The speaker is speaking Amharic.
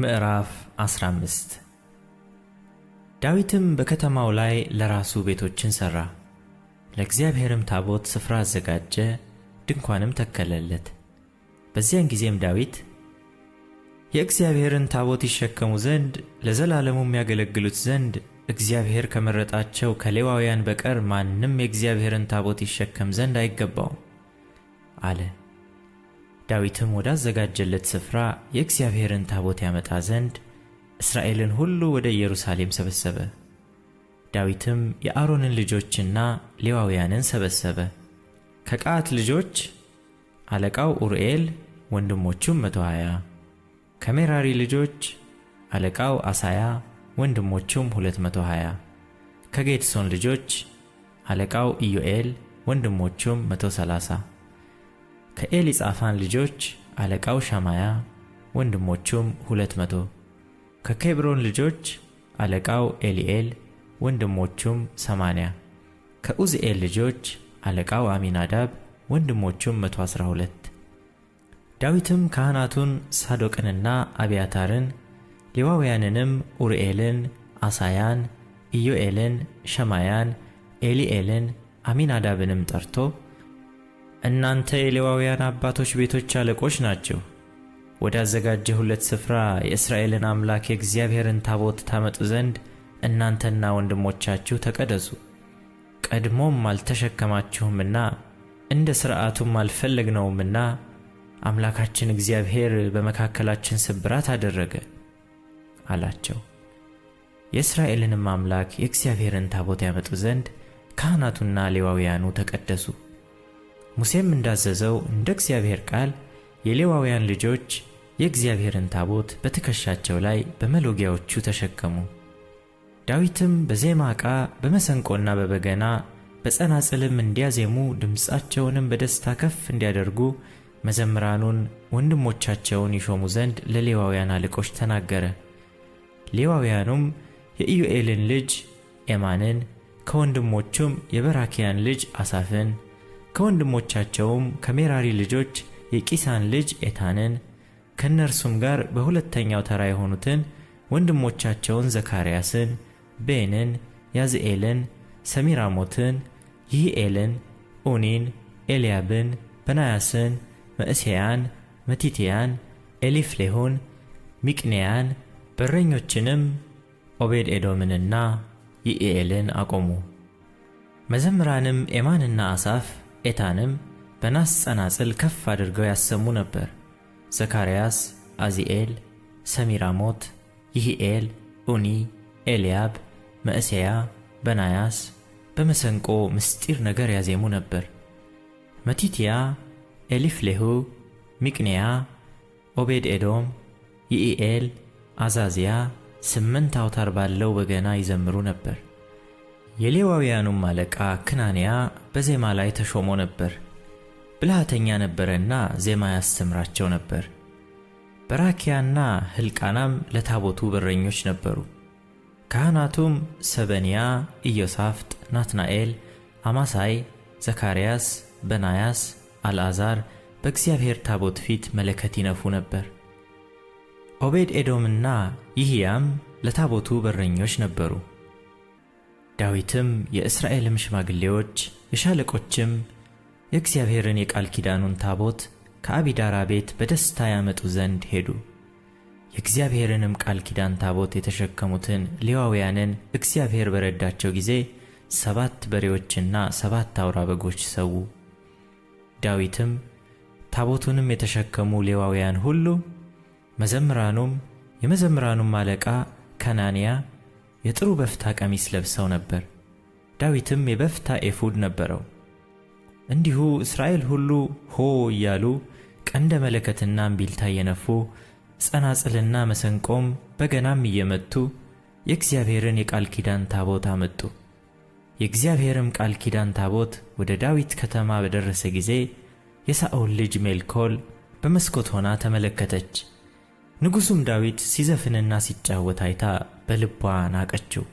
ምዕራፍ 15 ዳዊትም በከተማው ላይ ለራሱ ቤቶችን ሠራ፣ ለእግዚአብሔርም ታቦት ስፍራ አዘጋጀ፣ ድንኳንም ተከለለት። በዚያን ጊዜም ዳዊት የእግዚአብሔርን ታቦት ይሸከሙ ዘንድ ለዘላለሙ ያገለግሉት ዘንድ እግዚአብሔር ከመረጣቸው ከሌዋውያን በቀር ማንም የእግዚአብሔርን ታቦት ይሸከም ዘንድ አይገባውም አለ። ዳዊትም ወዳዘጋጀለት ስፍራ የእግዚአብሔርን ታቦት ያመጣ ዘንድ እስራኤልን ሁሉ ወደ ኢየሩሳሌም ሰበሰበ። ዳዊትም የአሮንን ልጆችና ሌዋውያንን ሰበሰበ። ከቀዓት ልጆች አለቃው ኡርኤል፣ ወንድሞቹም መቶ ሃያ ከሜራሪ ልጆች አለቃው አሳያ፣ ወንድሞቹም ሁለት መቶ ሃያ ከጌድሶን ልጆች አለቃው ኢዮኤል፣ ወንድሞቹም መቶ ሰላሳ ከኤሊጻፋን ልጆች አለቃው ሸማያ፣ ወንድሞቹም ሁለት መቶ ከኬብሮን ልጆች አለቃው ኤሊኤል፣ ወንድሞቹም ሰማንያ ከኡዝኤል ልጆች አለቃው አሚናዳብ፣ ወንድሞቹም መቶ አሥራ ሁለት ዳዊትም ካህናቱን ሳዶቅንና አብያታርን ሌዋውያንንም ኡርኤልን፣ አሳያን፣ ኢዮኤልን፣ ሸማያን፣ ኤሊኤልን፣ አሚናዳብንም ጠርቶ እናንተ የሌዋውያን አባቶች ቤቶች አለቆች ናችሁ። ወዳዘጋጀሁለት ስፍራ የእስራኤልን አምላክ የእግዚአብሔርን ታቦት ታመጡ ዘንድ እናንተና ወንድሞቻችሁ ተቀደሱ። ቀድሞም አልተሸከማችሁምና እንደ ሥርዓቱም አልፈለግነውምና አምላካችን እግዚአብሔር በመካከላችን ስብራት አደረገ አላቸው። የእስራኤልንም አምላክ የእግዚአብሔርን ታቦት ያመጡ ዘንድ ካህናቱና ሌዋውያኑ ተቀደሱ። ሙሴም እንዳዘዘው እንደ እግዚአብሔር ቃል የሌዋውያን ልጆች የእግዚአብሔርን ታቦት በትከሻቸው ላይ በመሎጊያዎቹ ተሸከሙ። ዳዊትም በዜማ ዕቃ በመሰንቆና በበገና በጸናጽልም እንዲያዜሙ ድምፃቸውንም በደስታ ከፍ እንዲያደርጉ መዘምራኑን ወንድሞቻቸውን ይሾሙ ዘንድ ለሌዋውያን አለቆች ተናገረ። ሌዋውያኑም የኢዩኤልን ልጅ ኤማንን ከወንድሞቹም የበራኪያን ልጅ አሳፍን ከወንድሞቻቸውም ከሜራሪ ልጆች የቂሳን ልጅ ኤታንን ከእነርሱም ጋር በሁለተኛው ተራ የሆኑትን ወንድሞቻቸውን ዘካርያስን፣ ቤንን፣ ያዝኤልን፣ ሰሚራሞትን፣ ይህኤልን፣ ኡኒን፣ ኤልያብን፣ በናያስን፣ መእሴያን፣ መቲትያን፣ ኤሊፍሌሁን፣ ሚቅንያን በረኞችንም ኦቤድ ኤዶምንና ይኢኤልን አቆሙ። መዘምራንም ኤማንና አሳፍ ኤታንም በናስ ጸናጽል ከፍ አድርገው ያሰሙ ነበር። ዘካርያስ፣ አዚኤል፣ ሰሚራሞት፣ ይሂኤል፣ ኡኒ፣ ኤልያብ፣ መእሴያ፣ በናያስ በመሰንቆ ምስጢር ነገር ያዜሙ ነበር። መቲትያ፣ ኤሊፍሌሁ፣ ሚቅንያ፣ ኦቤድ ኤዶም፣ ይኢኤል፣ አዛዚያ ስምንት አውታር ባለው በገና ይዘምሩ ነበር። የሌዋውያኑም አለቃ ክናንያ በዜማ ላይ ተሾሞ ነበር። ብልሃተኛ ነበረና ዜማ ያስተምራቸው ነበር። በራኪያና ሕልቃናም ለታቦቱ በረኞች ነበሩ። ካህናቱም ሰበንያ፣ ኢዮሳፍጥ፣ ናትናኤል፣ አማሳይ፣ ዘካርያስ፣ በናያስ፣ አልዓዛር በእግዚአብሔር ታቦት ፊት መለከት ይነፉ ነበር። ኦቤድ ኤዶምና ይህያም ለታቦቱ በረኞች ነበሩ። ዳዊትም የእስራኤልም ሽማግሌዎች የሻለቆችም የእግዚአብሔርን የቃል ኪዳኑን ታቦት ከአቢዳራ ቤት በደስታ ያመጡ ዘንድ ሄዱ። የእግዚአብሔርንም ቃል ኪዳን ታቦት የተሸከሙትን ሌዋውያንን እግዚአብሔር በረዳቸው ጊዜ ሰባት በሬዎችና ሰባት አውራ በጎች ሰዉ። ዳዊትም ታቦቱንም የተሸከሙ ሌዋውያን ሁሉ መዘምራኑም የመዘምራኑም አለቃ ከናንያ የጥሩ በፍታ ቀሚስ ለብሰው ነበር። ዳዊትም የበፍታ ኤፉድ ነበረው። እንዲሁ እስራኤል ሁሉ ሆ እያሉ ቀንደ መለከትና እምቢልታ እየነፉ ጸናጽልና መሰንቆም በገናም እየመቱ የእግዚአብሔርን የቃል ኪዳን ታቦት አመጡ። የእግዚአብሔርም ቃል ኪዳን ታቦት ወደ ዳዊት ከተማ በደረሰ ጊዜ የሳኦል ልጅ ሜልኮል በመስኮት ሆና ተመለከተች። ንጉሡም ዳዊት ሲዘፍንና ሲጫወት አይታ በልቧ ናቀችው።